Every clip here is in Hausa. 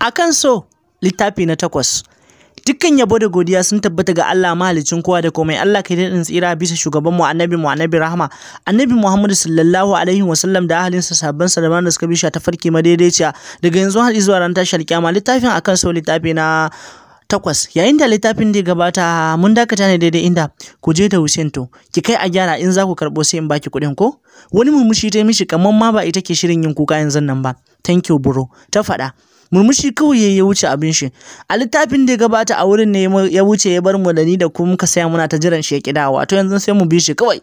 A kan so, littafi na takwas. Dukkan yabo da godiya sun tabbata ga Allah mahalicin kowa da komai Allah ka kai daɗin tsira bisa shugaban mu annabi mu annabi rahama annabi Muhammadu sallallahu alaihi wa sallam da ahalinsa sabban sa da da suka bisha ta farki madaidaiciya daga yanzu har zuwa ran tashar kiyama littafin akan so littafi na takwas yayin da littafin da gabata mun dakata ne daidai inda ku je da Hussein to ki kai a gyara in za ku karɓo sai in baki kuɗin ko wani murmushi ta mishi kamar ma ba ita ke shirin yin kuka yanzu nan ba thank you bro ta faɗa murmushi kawai ya wuce abin shi a littafin da ya gabata a wurin ne ya wuce ya bar mu da ni da ku muka saya muna ta jiran shi ya kida wato yanzu sai mu bi shi kawai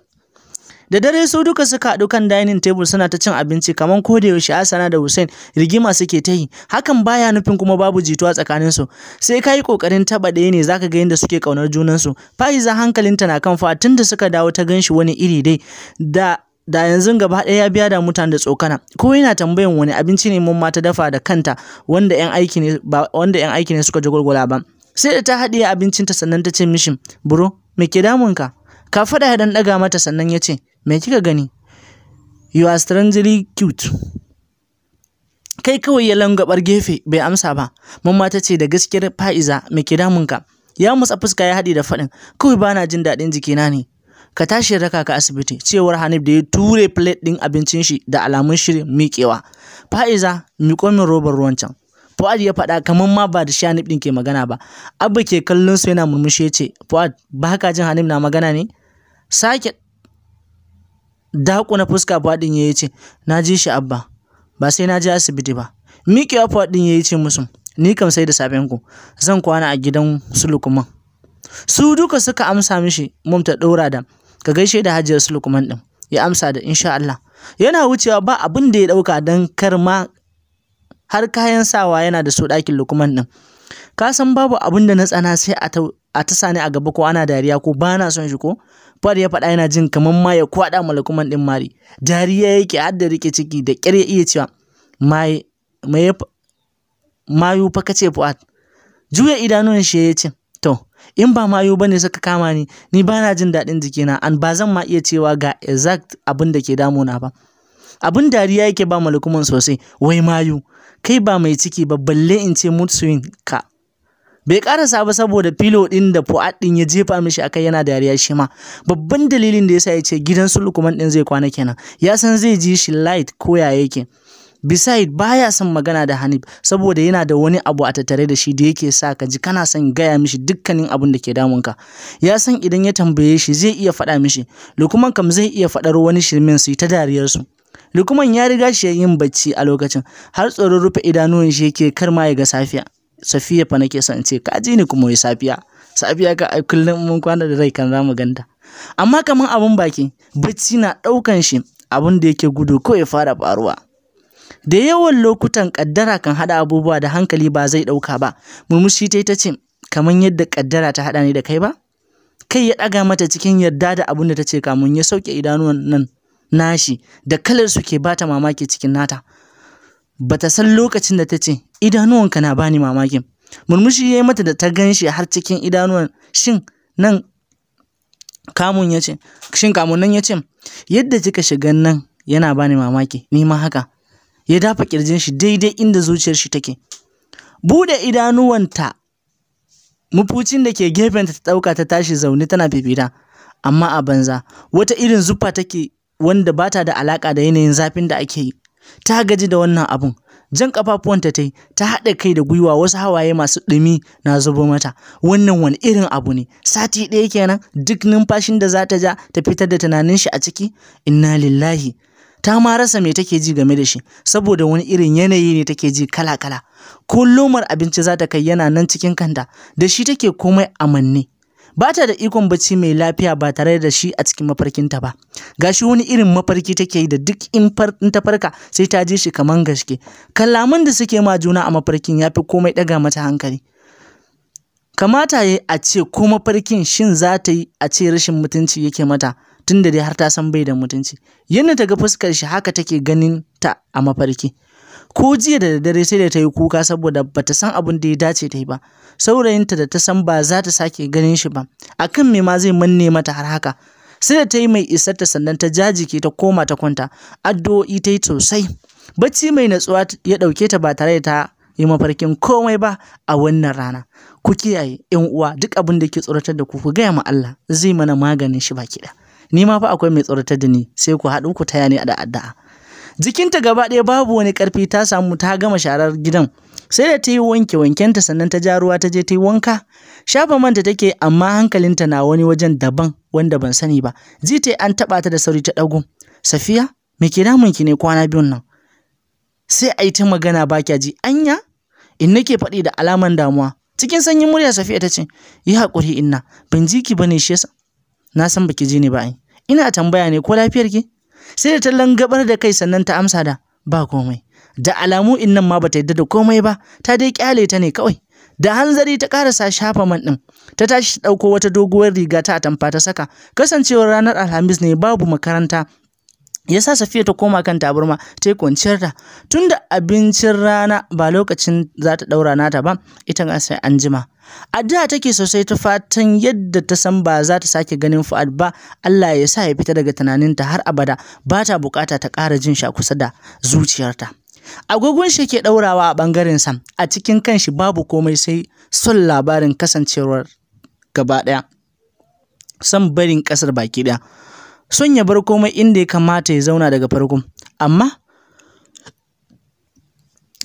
da dare su duka suka haɗu kan dining table suna ta cin abinci kamar ko da yaushe Asana da Hussein rigima suke ta yi hakan baya nufin kuma babu jituwa tsakanin su sai kai kokarin taba ɗaya ne zaka ga yadda suke kaunar junan su Faiza hankalinta na kan fa tunda suka dawo ta ganshi wani iri dai da da yanzu gaba ɗaya ya biya da mutane da tsokana ko yana tambayan wani abinci ne mun mata dafa da kanta wanda yan aiki ne ba wanda yan aiki ne suka ji jagwalgwala ba sai da ta haɗiye abincinta sannan ta ce mishi, buro me ke damunka ka faɗa ya dan ɗaga mata sannan ya ce me kika gani you are strangely cute kai kawai ya langabar gefe bai amsa ba mamma ta ce da gaskiyar fa'iza me ke damunka ya musa fuska ya haɗi da faɗin kawai bana jin daɗin jikina ne ka tashi raka ka asibiti cewar hanif da ya ture plate ɗin abincin shi da alamun shirin miƙewa fa'iza miƙo min robar ruwan can Fuad ya faɗa kamar ma ba da shanif ɗin ke magana ba. Abba ke kallon su yana murmushi ya ce, Fuad, ba haka jin Hanif na magana ne? Sake dakuna fuska Fuad din ya ce, Na ji shi Abba, ba sai na je asibiti ba. Miƙewa Fuad ɗin ya ce musu, Ni kam sai da safen ku, zan kwana a gidan su Su duka suka amsa mishi, mum ta ɗora da, ka gaishe da hajiyar su lukman ɗin ya amsa da insha Allah yana wucewa ba abin da ya ɗauka don kar ma har kayan sawa yana da su ɗakin lukuman ɗin ka san babu abin da na tsana sai a ta sani a gaba ko ana dariya ko ba na son shi ko far ya faɗa yana jin kamar ma ya kwaɗa ma lukuman ɗin mari dariya yake har da rike ciki da ƙyar ya iya cewa mayu fa kace fu'ad juya idanun shi ya ce in ba mayu bane suka kama ni ni bana jin daɗin jikina an ba zan ma iya cewa ga exact abin da ke damuna ba abin dariya yake ba malukuman sosai wai mayu kai ba mai ciki ba balle in ce mood swing ka bai karasa ba saboda filo din da fu'ad din ya jefa mishi akai yana dariya shi ma babban dalilin da yasa ya ce gidan su lukuman din zai kwana kenan ya san zai ji shi light ko ya yake beside baya son magana da Hanif saboda yana da wani abu a tattare da shi da yake sa ka ji kana son gaya mishi dukkanin abin da ke damunka ya san idan ya tambaye shi zai iya faɗa mishi Lukman kam zai iya faɗar wani shirmin su ta dariyarsu. su Lukman ya riga shi ya yin bacci a lokacin har tsoron rufe idanuwan shi yake kar ma ya ga safiya Safiya fa nake son ce ka ji ni kuma yi safiya safiya ka kullum mun kwana da rai kan zamu ganta amma kaman abun baki bacci na ɗaukan shi abin da yake gudu ko ya fara faruwa Da yawan lokutan ƙaddara kan haɗa abubuwa da hankali ba zai ɗauka ba. Murmushi ta ta ce, kamar yadda ƙaddara ta haɗa ni da kai ba? Kai ya ɗaga mata cikin yarda da abin da ta ce kamun ya sauke idanuwan nan nashi da kalar suke ke bata mamaki cikin nata. Ba ta san lokacin da ta ce, idanuwanka na bani mamakin. Murmushi ya yi mata da ta gan shi har cikin idanuwan shin nan kamun ya ce, shin kamun nan ya ce, yadda kika shiga nan yana bani mamaki, ni ma haka. ya dafa ƙirjin shi daidai inda zuciyar shi take bude idanuwanta mafucin da ke gefenta ta ɗauka ta tashi zaune tana fifita amma a banza wata irin zuffa take wanda ba ta da alaƙa da yanayin zafin da ake yi ta gaji da wannan abun jan kafafuwanta ta yi ta haɗa kai da gwiwa wasu hawaye masu ɗumi na zubo mata wannan wani irin abu ne sati ɗaya kenan duk numfashin da za ta ja ta fitar da tunanin shi a ciki inna lillahi ta ma rasa me take ji game da shi saboda wani irin yanayi ne take ji kala-kala Kullumar abinci za ta kai yana nan cikin kanta da shi take komai amanne ba ta da ikon bacci mai lafiya ba tare da shi a cikin mafarkinta ba gashi wani irin mafarki take yi da duk in ta farka sai ta ji shi kaman gaske Kalaman da suke ma juna a mafarkin yafi komai ɗaga mata hankali kamata ya a ce ko mafarkin shin za ta yi a ce rashin mutunci yake mata Tun da dai har ta san bai da mutunci yadda ta ga fuskar shi haka take ganin ta a mafarki ko jiya da daddare sai da ta yi kuka saboda ba ta san abin da ya dace ta yi ba saurayinta da ta san ba za ta sake ganin shi ba akan me ma zai manne mata har haka sai da ta yi mai isar ta sannan ta jajike ta koma ta kwanta addu'o'i ta yi sosai bacci mai natsuwa ya ɗauke ta ba tare da ta yi mafarkin komai ba a wannan rana ku kiyaye yan uwa duk abin da ke tsoratar da ku ku gaya ma Allah zai mana maganin shi baki ɗaya ni ma fa akwai mai tsoratar da ni sai ku haɗu ku taya ni da addu'a jikinta gaba ɗaya babu wani ƙarfi ta samu ta gama sharar gidan sai da ta yi wanke wankenta sannan ta ja ruwa ta je ta yi wanka shafa manta take amma hankalinta na wani wajen daban wanda ban sani ba ji ta an taɓa ta da sauri ta ɗago safiya me ke ki ne kwana biyun nan sai a yi ta magana ba kya ji anya in nake faɗi da alaman damuwa cikin sanyin murya safiya ta ce yi haƙuri inna ban ji ki bane shi yasa na san baki ji ni ba ai ina tambaya ne ko lafiyar ki sai da ta gabar da kai sannan ta amsa da ba komai da alamu in nan ma bata yadda da komai ba ta dai kyale ta ne kawai da hanzari ta karasa shafa man din ta tashi ta dauko wata doguwar riga ta tamfa ta saka kasancewar ranar alhamis ne babu makaranta ya sa safiya ta koma kan taburma. ta yi kwanciyar ta tunda abincin rana ba lokacin za ta daura nata ba ita ga sai an jima Addu'a take sosai ta fatan yadda ta san ba za ta sake ganin Fuad ba, Allah ya sa ya fita daga tunaninta har abada, ba ta bukata ta ƙara jin sha kusa da zuciyarta. Agogon shi ke ɗaurawa a sa a cikin kanshi babu komai sai son labarin kasancewar gaba ɗaya, son barin ƙasar baki ɗaya, son ya bar komai inda ya kamata ya zauna daga farko, amma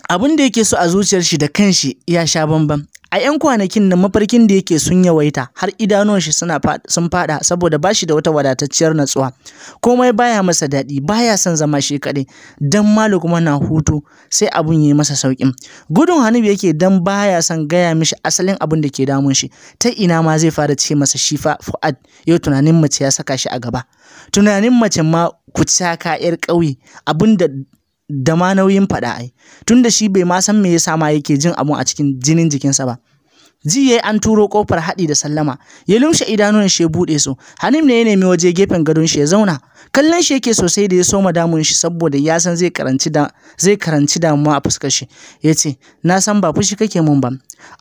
abin da yake so a zuciyar shi da kanshi ya sha bamban a 'yan kwanakin nan mafarkin da yake sun yawaita har idanuwan shi suna sun fada saboda bashi da wata wadatacciyar natsuwa komai baya masa daɗi baya son zama shi kaɗai dan malu kuma na hutu sai abun yi masa sauƙin gudun hanif yake dan baya son gaya mishi asalin abun da ke damun shi ta ina ma zai fara ce masa shi fa fu'ad yau tunanin mace ya saka shi a gaba tunanin mace ma kucaka 'yar ƙauye abun da da ma nauyin faɗa ai tunda shi bai ma san me yasa ma yake jin abun a cikin jinin jikinsa ba ji yayi an turo kofar haɗi da sallama ya lumshe idanun shi ya buɗe su hanim ne ya nemi waje gefen gadon shi ya zauna kallon shi yake sosai da ya so damun shi saboda ya san zai karanci da zai karanci damuwa a fuskar shi ya ce na san ba fushi kake mun ba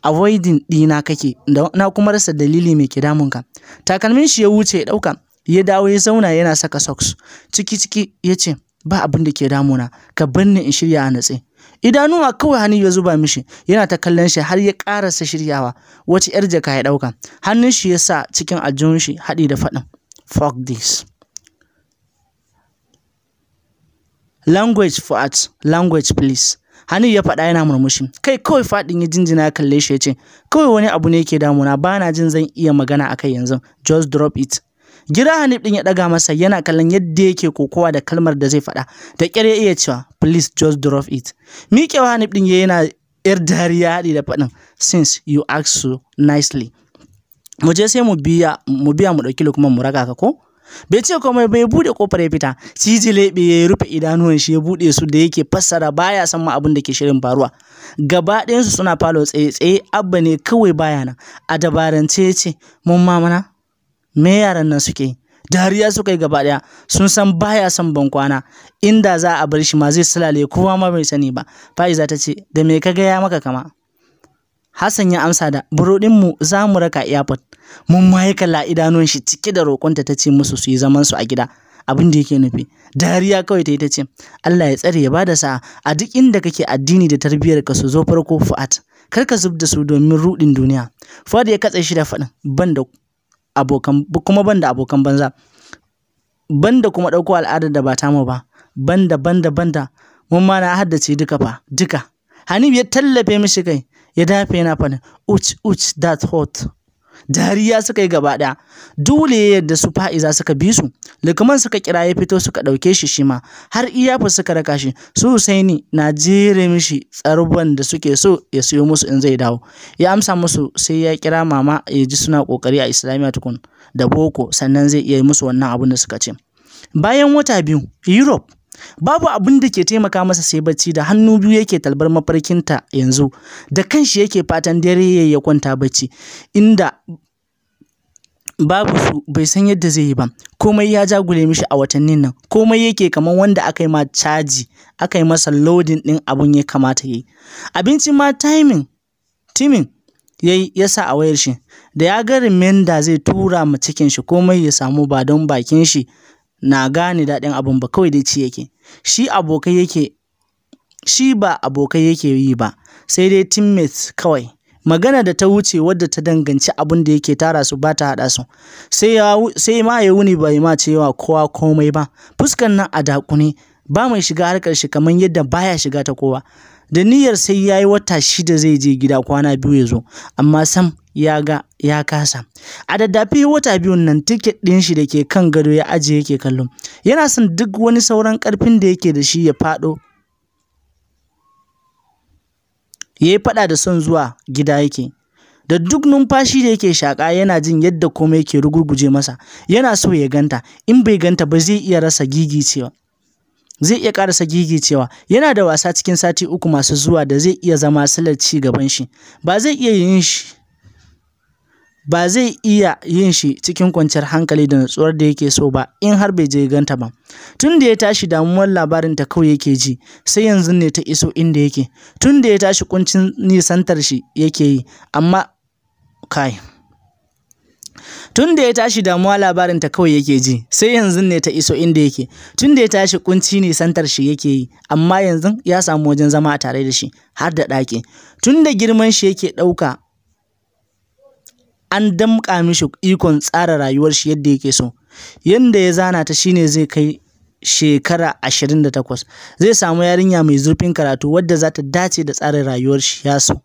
avoiding ɗina kake na kuma rasa dalili mai ke ka. takalmin shi ya wuce ya ɗauka ya dawo ya zauna yana saka socks ciki ciki ya ce ba abin da ke damuna ka banni in shirya a natse idanuwa kawai hannu ya zuba mishi yana ta kallon shi har ya karasa shiryawa Wacce yar jaka ya ɗauka hannun shi ya sa cikin aljihun shi haɗi da faɗin fuck this language for art language please Hannu ya faɗa yana murmushi kai kawai faɗin ya jinjina ya kalle shi ya ce kawai wani abu ne yake damuna ba na jin zan iya magana a kai yanzu just drop it gira hanif din ya daga masa yana kallon yadda yake kokowa da kalmar da zai faɗa da kyar ya iya cewa please just drop it miƙewa hanif din yana yar dariya haɗi da faɗin since you ask so nicely mu je sai mu biya mu biya mu ɗauki lokuma mu raka ka ko bai ce mai bai bude kofar ya fita ciji lebe ya rufe idanuwan shi ya bude su da yake fassara baya san ma abin da ke shirin faruwa gaba ɗayan su suna falo tsaye tsaye abba ne kawai baya nan a dabarance ya ce mun mamana me yaran nan suke dariya suka yi gaba ɗaya sun san baya son bankwana inda za a bar shi ma zai sulale kowa ma bai sani ba fa'iza ta ce da me ka gaya maka kama hassan ya amsa da burodin mu za mu raka airport mun ma yi kalla idanun shi cike da roƙonta ta ce musu su yi zaman su a gida abin da yake nufi dariya kawai ta yi ta ce Allah ya tsare ya bada sa'a a duk inda kake addini da tarbiyyar ka su zo farko fu'at kar ka zub da su domin ruɗin duniya fu'at ya katse shi da faɗin ban da abokan kuma banda abokan banza banda kuma ɗauko al'adar da ba tamu ba banda banda banda mun ma na haddace duka fa duka hanif ya tallafe mishi kai ya dafe yana faɗin uch uch that hot dariya suka yi gaba ɗaya dole yadda su fa'iza suka bi su lukman suka kira ya fito suka ɗauke shi shi ma har iyafa suka raka shi su husaini na jere mishi tsarban da suke so ya siyo musu in zai dawo ya amsa musu sai ya kira mama ya ji suna ƙoƙari a islamiyya tukun da boko sannan zai iya musu wannan abun da suka ce bayan wata biyu europe babu abin da ke taimaka masa sai bacci da hannu biyu yake talbar mafarkinta yanzu da kanshi yake fatan dare ya yi kwanta bacci inda babu su bai san yadda zai yi ba komai ya jagule mishi a watannin nan komai yake kamar wanda aka yi ma caji aka yi masa loading din abun ya kamata yayi abinci ma timing timing yayi ya sa a wayar shi da ya ga remainder zai tura ma cikin shi komai ya samu ba don bakin shi na gane daɗin abun ba kawai dai ci yake shi abokai yake shi ba abokai yake yi ba sai dai teammates kawai magana da ta wuce wadda ta danganci abin da yake tara su ba ta haɗa su sai ma ya wuni bai ma cewa kowa komai ba fuskan nan a dakuni ba mai shiga harkar shi kamar yadda baya shiga ta kowa da niyyar sai yi wata shida zai je gida kwana biyu ya zo amma sam ya ga ya kasa a daddafi wata biyun nan tiket ɗin shi da ke kan gado ya aje yake kallo yana son duk wani sauran ƙarfin da yake da shi ya faɗo ya yi faɗa da son zuwa gida yake da duk numfashi da yake shaƙa yana jin yadda komai ke rugurguje masa yana so ya ganta in bai ganta ba zai iya rasa cewa zai iya ƙarasa cewa yana da wasa cikin sati uku masu zuwa da zai iya zama silar ci gaban shi ba zai iya yin shi ba zai iya yin shi cikin kwanciyar hankali da nutsuwar da yake so ba in har bai je ganta ba tun da ya tashi damuwar labarin ta kawai yake ji sai yanzu ne ta iso inda yake tun da ya tashi kuncin nisantar shi yake yi amma kai tun da ya tashi damuwa labarin ta kawai yake ji sai yanzu ne ta iso inda yake tun da ya tashi kunci ne santar shi yake yi amma yanzu ya samu wajen zama a tare da shi har da ɗaki tun da girman shi yake ɗauka an damƙa mishi ikon tsara rayuwar shi yadda yake so yadda ya zana ta shine zai kai shekara 28 zai samu yarinya mai zurfin karatu wadda za ta dace da tsarin rayuwar shi ya so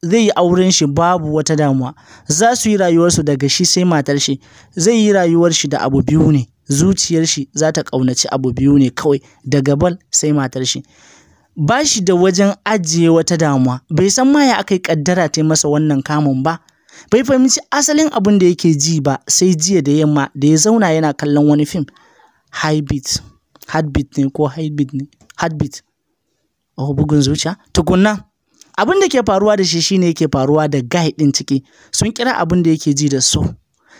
zai yi auren shi babu wata damuwa za su yi rayuwarsu daga shi sai matar shi zai yi rayuwar shi da abu biyu ne zuciyar shi za ta ƙaunaci abu biyu ne kawai daga bal sai matar shi ba shi da wajen ajiye wata damuwa bai san ma ya aka yi ƙaddara ta masa wannan kamun ba bai fahimci asalin abin da yake ji ba sai jiya da yamma da ya zauna yana kallon wani fim heartbeat heartbeat ne ko Hi-Beat ne heartbeat oh bugun zuciya tukunna abin da ke faruwa da shi shine yake faruwa da guy din ciki sun kira abin da yake ji da so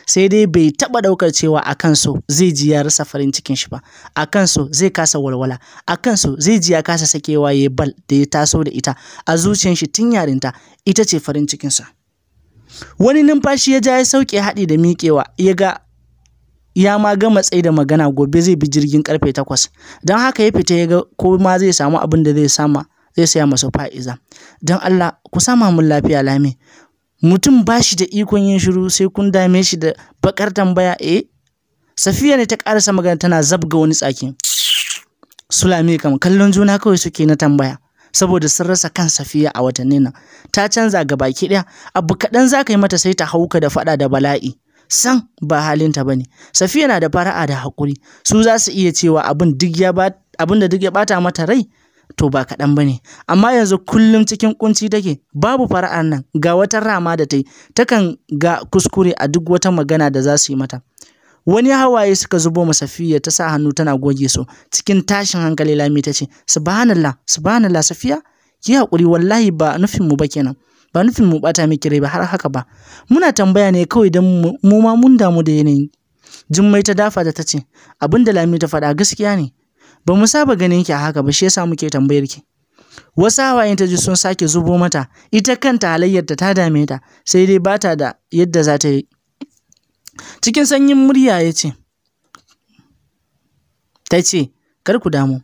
sai dai bai taɓa ɗaukar cewa akan so zai ji ya rasa farin cikin shi ba akan so zai kasa walwala akan so zai ji ya kasa sakewa ya bal da ya taso da ita a zuciyar shi tun yarinta ita ce farin cikinsa wani numfashi ya ja ya sauke haɗi da miƙewa ya ga ya ma gama tsaye da magana gobe zai bi jirgin karfe takwas don haka ya fita ya ga ko ma zai samu abin da zai sama zai saya masa fa'iza don Allah ku sama mun lafiya lami mutum ba shi da ikon yin shiru sai kun dame shi da bakar tambaya eh safiya ne ta karasa magana tana zabga wani tsaki sulami kam kallon juna kawai suke na tambaya saboda sun rasa kan safiya a watanni nan ta canza ga baki ɗaya abu kaɗan za ka yi mata sai ta hauka da faɗa da bala'i san ba halinta ba ne safiya na da fara'a da haƙuri su za su iya cewa abin da duk ya ɓata mata rai to ba kaɗan ba ne amma yanzu kullum cikin kunci take babu fara'ar nan ga wata rama da ta yi takan ga kuskure a duk wata magana da za su yi mata wani hawaye suka zubo masa safiya ta sa hannu tana goge su cikin tashin hankali lami ta ce subhanallah subhanallah safiya ki hakuri wallahi ba nufin mu ba kenan ba nufin mu bata miki rai ba har haka ba muna tambaya ne kawai dan mu ma mun damu da yanayi jummai ta dafa da ta ce abin da lami ta faɗa gaskiya ne ba mu saba ganin ki a haka ba shi yasa muke tambayar ki wasu hawayen ta ji sun sake zubo mata ita kanta halayyarta ta dame ta sai dai bata da yadda za ta yi Cikin sanyin murya ya ce, ta ce, kar ku damu,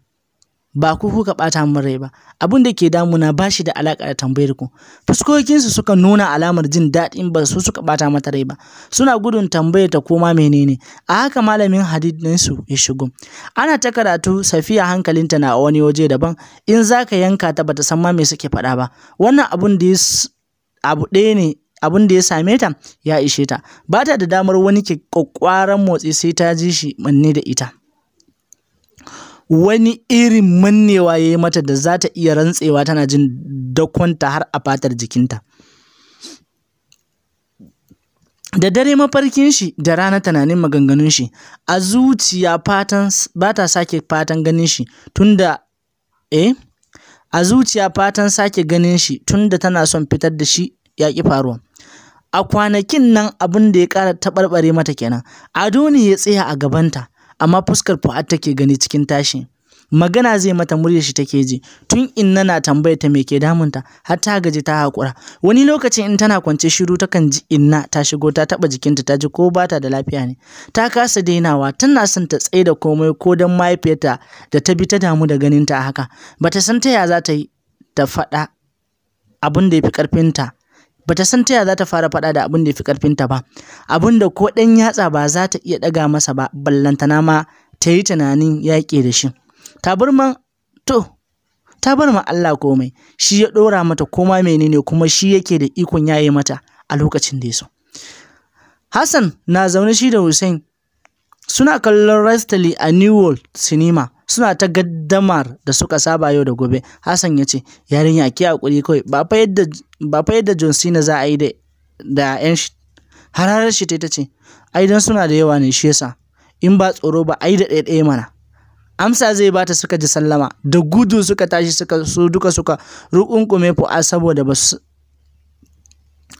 ba ku kuka ɓata min rai ba, abin da ke damuna ba shi da alaƙa da tambayar ku. Fuskokinsu suka nuna alamar jin daɗin ba su suka ɓata mata rai ba, suna gudun tambayar ta koma menene. A haka malamin hadidinsu ya shigo. Ana ta karatu safiya hankalinta na wani waje daban, in za ka yanka ta bata san ma me suke faɗa ba. Wannan abun da abu ɗaya ne abin da ya same ta ya ishe ta ba ta da damar wani kwakwaran motsi sai ta ji shi manne da ita wani irin mannewa ya yi mata da za ta iya rantsewa tana jin dakonta har a fatar jikinta da dare mafarkin shi da rana tunanin maganganun shi a zuciya fatan ba ta sake fatan ganin shi tunda eh a zuciya fatan sake ganin shi tunda tana son fitar da shi ya ƙi faruwa a kwanakin nan abin da ya ƙara taɓarɓare mata kenan ado ne ya tsaya a gabanta amma fuskar fu'ad take gani cikin tashi magana zai mata murya shi take ji tun inna na tambaya ta me ke damunta har ta gaji ta hakura wani lokacin in tana kwance shiru takan ji inna ta shigo ta taba jikinta ta ji ko bata da lafiya ne ta kasa dainawa tana son ta tsaye da komai ko dan mahaifiyarta da ta bi ta damu da ganinta haka bata san ta ya za ta yi ta faɗa abin da ya fi ƙarfinta bata san taya za ta fara faɗa da abin da ya fi ƙarfinta ba abin da ko ɗan yatsa ba za ta iya ɗaga masa ba ballantana ma ta yi tunanin yaƙi da shi tabarman to tabarma Allah komai shi ya ɗora mata koma menene kuma shi yake da ikon yaye mata a lokacin da ya so Hassan na zaune shi da Hussein suna kallon Rastali a New World Cinema suna ta gaddamar da suka saba yau da gobe Hassan ya ce yarinya ki hakuri kawai ba fa yadda ba fa yadda John Cena za a yi da da ƴan shi har shi ta ce ai don suna da yawa ne shi yasa in ba tsoro ba ai da ɗaya mana amsa zai bata suka ji sallama da gudu suka tashi suka su duka suka rukunkume fu'a saboda basu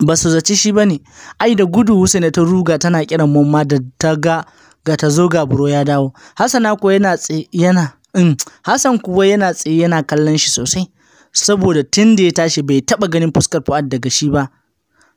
ba su zaci shi ba ne ai da gudu Husaina ta ruga tana kiran mamma da ta ga ga ta zo ga buro ya dawo Hassana ko yana yana mm, Hassan kuwa yana tsaye yana kallon shi sosai saboda tun da ya tashi bai taɓa ganin fuskar Fuad daga shi ba.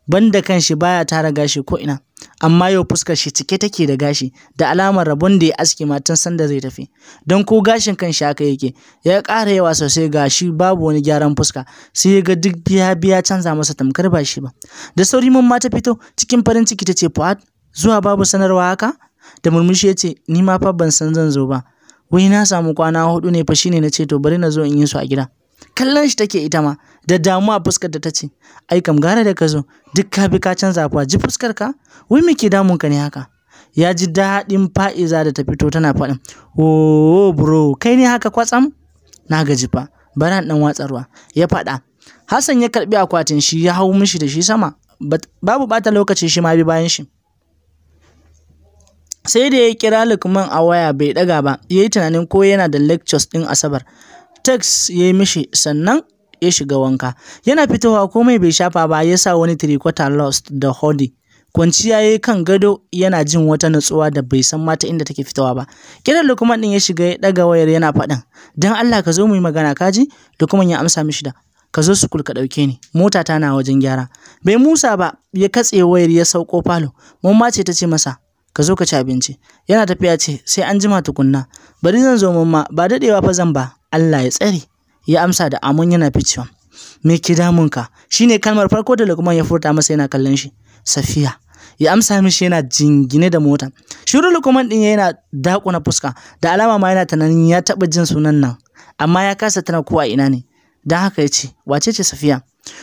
Banda kanshi baya tara gashi ko ina, amma yau fuskar shi cike take da gashi, da alamar rabon da ya aske matan sanda zai tafi. Don ko gashin kan shi haka yake, ya ƙara yawa sosai gashi babu wani gyaran fuska, sai ya ga duk biya biya canza masa tamkar ba shi ba. Da sauri mun ma ta fito cikin farin ciki ta ce Fuad zuwa babu sanarwa haka? Da murmushi ya ce ni ma fa ban san zan zo ba. Wai na samu kwana hudu ne fa shine na ce to bari na zo in yi su a gida. kallon shi take ita ma da damuwa fuskar da ta ce ai kam gara da ka zo duk ka bi ka canza fa ji fuskar ka wai me ke damun ka ne haka ya ji daɗin fa'iza da ta fito tana faɗin oh bro kai ne haka kwatsam na gaji fa bari ɗan watsarwa ya faɗa hassan ya karɓi akwatin shi ya hau mishi da shi sama babu bata lokaci shi ma bi bayan shi sai da ya kira lukman a waya bai ɗaga ba ya yi tunanin ko yana da lectures ɗin asabar Teks ya yi mishi sannan ya shiga wanka. Yana fitowa komai bai shafa ba ya sa wani tirikota lost da hoodie. Kwanciya ya yi kan gado yana jin wata nutsuwa da bai san mata inda take fitowa ba. Kiran lukuman ɗin ya shiga ya ɗaga wayar yana faɗin. Don Allah ka zo mu yi magana kaji? lukuman ya amsa mishi da. Ka zo su ka ɗauke ni, mota ta na wajen gyara. Bai Musa ba ya katse wayar ya sauko falo. Mun ce ta ce masa, ka zo ka ci abinci. Yana tafiya ce, sai an jima tukunna. Bari zan zo mamma, ba daɗewa fa zan ba. Allah ya tsare ya amsa da Amun yana ficewa me ke damunka shine kalmar farko da Lukman ya furta masa yana kallon shi Safiya ya amsa mishi yana jingine da mota shiru Lukman din yana na fuska da alama ma yana tunanin ya taba jin sunan nan amma ya kasa tana kowa ina ne dan haka ya ce wace ce Safiya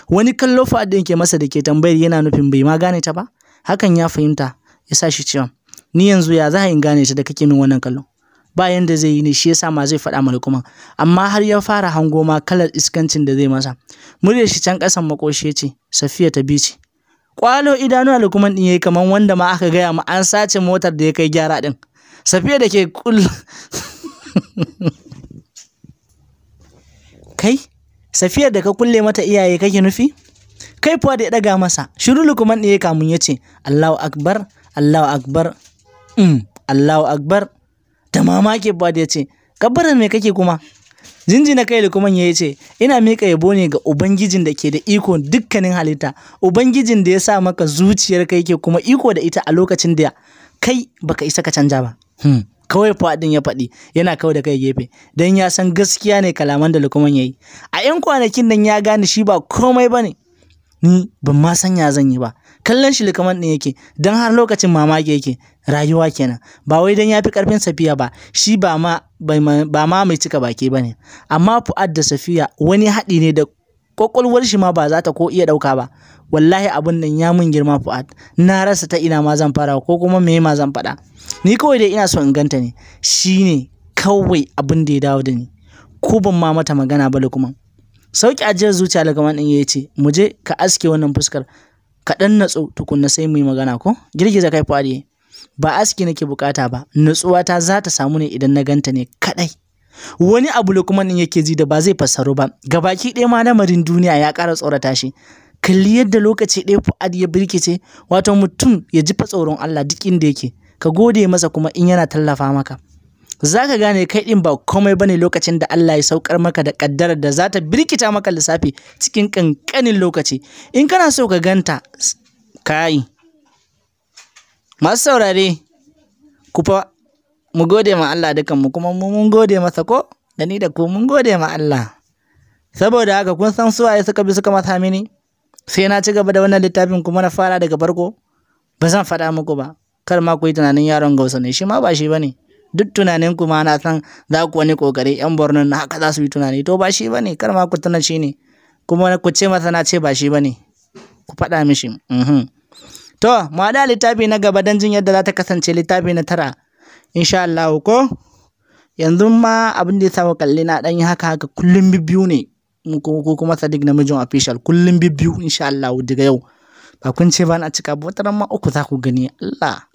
wani kallo fa din ke masa da ke tambayar yana nufin bai ma gane ta ba hakan ya fahimta ya sa shi cewa ni yanzu ya za in gane ta da kake min wannan kallon ba yanda zai yi ne shi yasa ma zai faɗa ma Lukman amma har ya fara hango ma kalar iskancin da zai masa muryar shi can ƙasan makoshi ce Safiya ta bice kwalo idanuwa Lukman din yayi kaman wanda ma aka gaya ma an sace motar da ya kai gyara din Safiya da ke kul kai safiya da ka kulle mata iyaye kake nufi kai fuwa da ya daga masa shiru Lukman din yayi kamun ya ce Allahu akbar Allahu akbar mm Allahu akbar da mamakin Fuad ya ce, Kabbaran me kake kuma? Jinji na kai Lukman ya ce, Ina miƙa yabo ne ga Ubangijin da ke da iko dukkanin halitta, Ubangijin da ya sa maka zuciyar kai ke kuma iko da ita a lokacin da kai baka isa ka canja ba. Hmm. Kawai faɗin ya faɗi yana kawai da kai gefe, don ya san gaskiya ne kalaman da lukuman ya yi. A ‘yan kwanakin nan ya gane shi ba komai ba ne, ni ban ma san ya zan yi ba kallon shi likaman ɗin yake dan har lokacin mamaki yake rayuwa kenan ba wai dan yafi karfin safiya ba shi ba ma ba ma mai cika baki bane. amma fu'ad da safiya wani haɗi ne da kwakwalwar shi ma ba za ta ko iya ɗauka ba wallahi abin nan ya mun girma fu'ad na rasa ta ina ma zan fara ko kuma me ma zan faɗa ni kawai dai ina so in ganta ne shine kawai abin da ya dawo da ni ko ban ma mata magana ba lukuman sauki ajiyar zuciya lagaman ɗin ya ce mu je ka aske wannan fuskar ka ɗan natsu tukunna sai mu yi magana ko girgiza kai fadi ba aski nake bukata ba natsuwa ta za ta samu ne idan na ganta ne kadai. wani abu lokuman ɗin yake ji da ba zai fassaru ba gabaki ɗaya ma lamarin duniya ya ƙara tsorata shi kalli yadda lokaci ɗaya fu'ad ya birkice wato mutum ya ji fa tsoron Allah duk inda yake ka gode masa kuma in yana tallafa maka za ka gane kai ɗin ba komai bane lokacin da Allah ya saukar maka da kaddarar da za ta birkita maka lissafi cikin kankanin lokaci in kana so ka ganta kai masu saurare ku fa mu gode ma Allah dukanmu kuma mu mun gode masa ko da ni da ku mun gode ma Allah saboda haka kun san ya suka bi suka masa mini sai na ci gaba da wannan littafin kuma na fara daga farko ba zan faɗa muku ba kar ma ku yi tunanin yaron gausa ne shi ma ba shi ba ne duk tunanin kuma na san za ku wani kokari yan borno na haka za su yi tunani to ba shi bane kar ma ku tuna shi ne kuma ku ce masa na ce ba shi bane ku faɗa mishi mhm. to mu haɗa littafi na gaba don jin yadda za ta kasance littafi na tara insha Allah ko yanzu ma abin da ya samu kalli na ɗan yi haka haka kullum biyu ne ko kuma sadiq namijin official kullum biyu insha Allah daga yau ba kun ce ba na cika ba wata ma uku za ku gani Allah